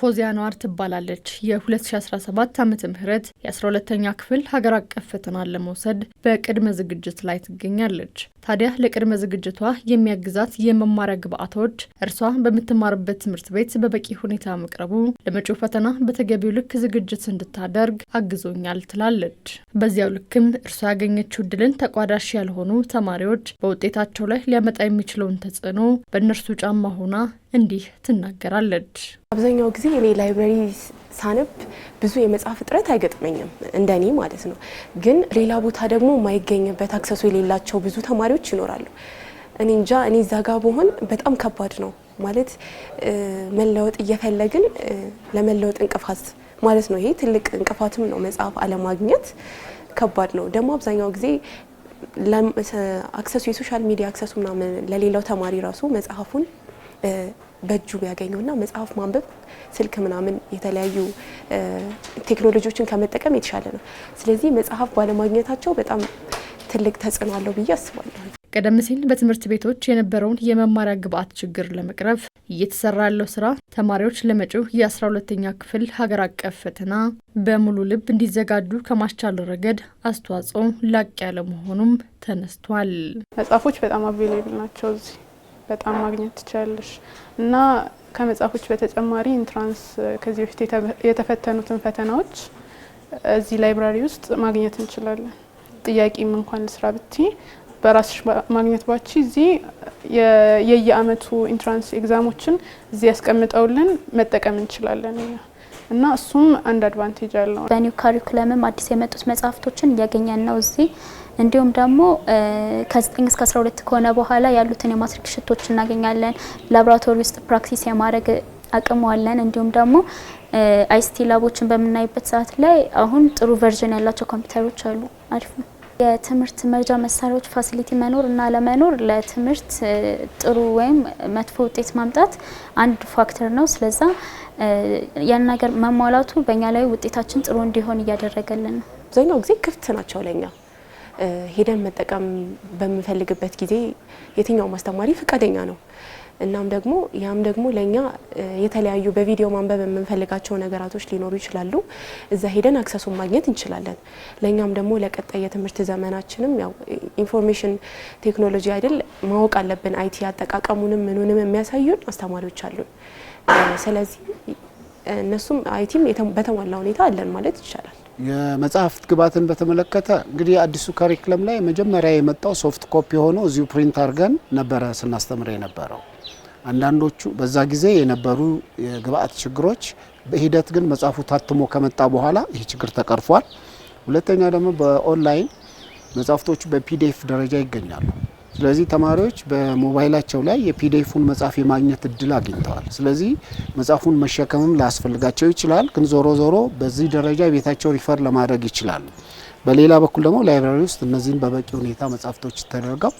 ፎዚያ ነዋር ትባላለች። የ2017 ዓመተ ምህረት የ12ተኛ ክፍል ሀገር አቀፍ ፈተና ለመውሰድ በቅድመ ዝግጅት ላይ ትገኛለች። ታዲያ ለቅድመ ዝግጅቷ የሚያግዛት የመማሪያ ግብዓቶች እርሷ በምትማርበት ትምህርት ቤት በበቂ ሁኔታ መቅረቡ ለመጪው ፈተና በተገቢው ልክ ዝግጅት እንድታደርግ አግዞኛል ትላለች። በዚያው ልክም እርሷ ያገኘችው ድልን ተቋዳሽ ያልሆኑ ተማሪዎች በውጤታቸው ላይ ሊያመጣ የሚችለውን ተጽዕኖ በእነርሱ ጫማ ሆና እንዲህ ትናገራለች። አብዛኛው ጊዜ እኔ ላይብረሪ ሳንብ ብዙ የመጽሐፍ እጥረት አይገጥመኝም እንደኔ ማለት ነው። ግን ሌላ ቦታ ደግሞ የማይገኝበት አክሰሱ የሌላቸው ብዙ ተማሪዎች ይኖራሉ። እኔ እንጃ እኔ እዛ ጋር በሆን በጣም ከባድ ነው ማለት መለወጥ እየፈለግን ለመለወጥ እንቅፋት ማለት ነው። ይሄ ትልቅ እንቅፋትም ነው። መጽሐፍ አለማግኘት ከባድ ነው። ደግሞ አብዛኛው ጊዜ አክሰሱ የሶሻል ሚዲያ አክሰሱ ምናምን ለሌላው ተማሪ ራሱ መጽሐፉን በእጁ ቢያገኘውና መጽሐፍ ማንበብ ስልክ ምናምን የተለያዩ ቴክኖሎጂዎችን ከመጠቀም የተሻለ ነው። ስለዚህ መጽሐፍ ባለማግኘታቸው በጣም ትልቅ ተጽዕኖ አለው ብዬ አስባለሁ። ቀደም ሲል በትምህርት ቤቶች የነበረውን የመማሪያ ግብዓት ችግር ለመቅረፍ እየተሰራ ያለው ስራ ተማሪዎች ለመጪው የአስራ ሁለተኛ ክፍል ሀገር አቀፍ ፈተና በሙሉ ልብ እንዲዘጋጁ ከማስቻል ረገድ አስተዋጽኦ ላቅ ያለ መሆኑም ተነስቷል። መጽሐፎች በጣም አቬሌብል ናቸው እዚህ በጣም ማግኘት ትችላለሽ እና ከመጽሐፎች በተጨማሪ ኢንትራንስ ከዚህ በፊት የተፈተኑትን ፈተናዎች እዚህ ላይብራሪ ውስጥ ማግኘት እንችላለን። ጥያቄም እንኳን ልስራ ብቲ በራስሽ ማግኘት ባቺ እዚህ የየአመቱ ኢንትራንስ ኤግዛሞችን እዚህ ያስቀምጠውልን መጠቀም እንችላለን። እና እሱም አንድ አድቫንቴጅ አለው። በኒው ካሪኩለምም አዲስ የመጡት መጽሐፍቶችን እያገኘን ነው እዚህ እንዲሁም ደግሞ ከ9 እስከ 12 ከሆነ በኋላ ያሉትን የማትሪክ ሽቶች እናገኛለን። ላብራቶሪ ውስጥ ፕራክቲስ የማድረግ አቅሙ አለን። እንዲሁም ደግሞ አይሲቲ ላቦችን በምናይበት ሰዓት ላይ አሁን ጥሩ ቨርዥን ያላቸው ኮምፒውተሮች አሉ። አሪፍ ነው። የትምህርት መርጃ መሳሪያዎች ፋሲሊቲ መኖር እና ለመኖር ለትምህርት ጥሩ ወይም መጥፎ ውጤት ማምጣት አንድ ፋክተር ነው። ስለዛ ያን ነገር መሟላቱ በእኛ ላይ ውጤታችን ጥሩ እንዲሆን እያደረገልን ነው። አብዛኛው ጊዜ ክፍት ናቸው ለኛ ሄደን መጠቀም በምንፈልግበት ጊዜ የትኛው ማስተማሪ ፈቃደኛ ነው። እናም ደግሞ ያም ደግሞ ለእኛ የተለያዩ በቪዲዮ ማንበብ የምንፈልጋቸው ነገራቶች ሊኖሩ ይችላሉ። እዛ ሄደን አክሰሱን ማግኘት እንችላለን። ለእኛም ደግሞ ለቀጣይ የትምህርት ዘመናችንም ያው ኢንፎርሜሽን ቴክኖሎጂ አይደል ማወቅ አለብን። አይቲ አጠቃቀሙንም ምኑንም የሚያሳዩን አስተማሪዎች አሉን። ስለዚህ እነሱም አይቲም በተሟላ ሁኔታ አለን ማለት ይቻላል። የመጽሐፍት ግብዓትን በተመለከተ እንግዲህ አዲሱ ካሪክለም ላይ መጀመሪያ የመጣው ሶፍት ኮፒ ሆኖ እዚሁ ፕሪንት አድርገን ነበረ ስናስተምር የነበረው። አንዳንዶቹ በዛ ጊዜ የነበሩ የግብዓት ችግሮች በሂደት ግን መጽሐፉ ታትሞ ከመጣ በኋላ ይህ ችግር ተቀርፏል። ሁለተኛ ደግሞ በኦንላይን መጽሐፍቶቹ በፒዲኤፍ ደረጃ ይገኛሉ። ስለዚህ ተማሪዎች በሞባይላቸው ላይ የፒዲኤፉን መጽሐፍ የማግኘት እድል አግኝተዋል። ስለዚህ መጽሐፉን መሸከምም ላያስፈልጋቸው ይችላል። ግን ዞሮ ዞሮ በዚህ ደረጃ ቤታቸው ሪፈር ለማድረግ ይችላሉ። በሌላ በኩል ደግሞ ላይብራሪ ውስጥ እነዚህን በበቂ ሁኔታ መጽሐፍቶች ተደርገው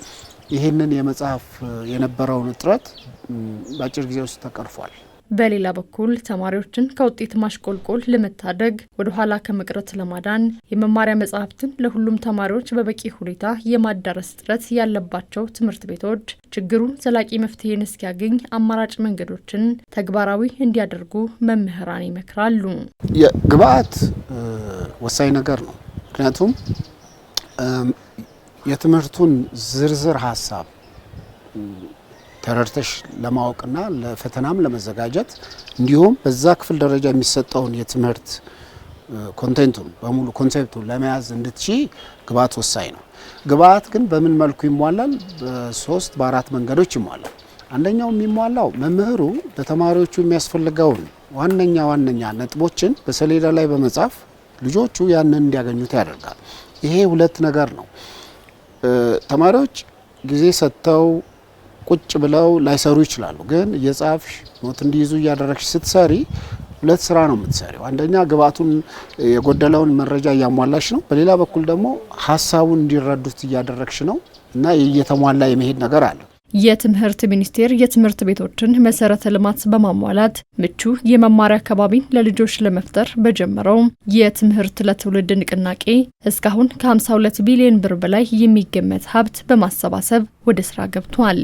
ይህንን የመጽሐፍ የነበረውን እጥረት በአጭር ጊዜ ውስጥ ተቀርፏል። በሌላ በኩል ተማሪዎችን ከውጤት ማሽቆልቆል ለመታደግ ወደ ኋላ ከመቅረት ለማዳን የመማሪያ መጽሐፍትን ለሁሉም ተማሪዎች በበቂ ሁኔታ የማዳረስ ጥረት ያለባቸው ትምህርት ቤቶች ችግሩን ዘላቂ መፍትሄን እስኪያገኝ አማራጭ መንገዶችን ተግባራዊ እንዲያደርጉ መምህራን ይመክራሉ። ግብዓት ወሳኝ ነገር ነው። ምክንያቱም የትምህርቱን ዝርዝር ሀሳብ ተረድተሽ ለማወቅና ለፈተናም ለመዘጋጀት እንዲሁም በዛ ክፍል ደረጃ የሚሰጠውን የትምህርት ኮንቴንቱን በሙሉ ኮንሴፕቱን ለመያዝ እንድትቺ ግብአት ወሳኝ ነው። ግብአት ግን በምን መልኩ ይሟላል? በሶስት በአራት መንገዶች ይሟላል። አንደኛው የሚሟላው መምህሩ ለተማሪዎቹ የሚያስፈልገውን ዋነኛ ዋነኛ ነጥቦችን በሰሌዳ ላይ በመጻፍ ልጆቹ ያንን እንዲያገኙት ያደርጋል። ይሄ ሁለት ነገር ነው። ተማሪዎች ጊዜ ሰጥተው ቁጭ ብለው ላይሰሩ ይችላሉ። ግን እየጻፍሽ ኖት እንዲይዙ እያደረግሽ ስትሰሪ ሁለት ስራ ነው የምትሰሪው። አንደኛ ግብአቱን የጎደለውን መረጃ እያሟላሽ ነው፣ በሌላ በኩል ደግሞ ሀሳቡን እንዲረዱት እያደረግሽ ነው እና እየተሟላ የመሄድ ነገር አለ። የትምህርት ሚኒስቴር የትምህርት ቤቶችን መሰረተ ልማት በማሟላት ምቹ የመማሪያ አካባቢን ለልጆች ለመፍጠር በጀመረው የትምህርት ለትውልድ ንቅናቄ እስካሁን ከ52 ቢሊዮን ብር በላይ የሚገመት ሀብት በማሰባሰብ ወደ ስራ ገብቷል።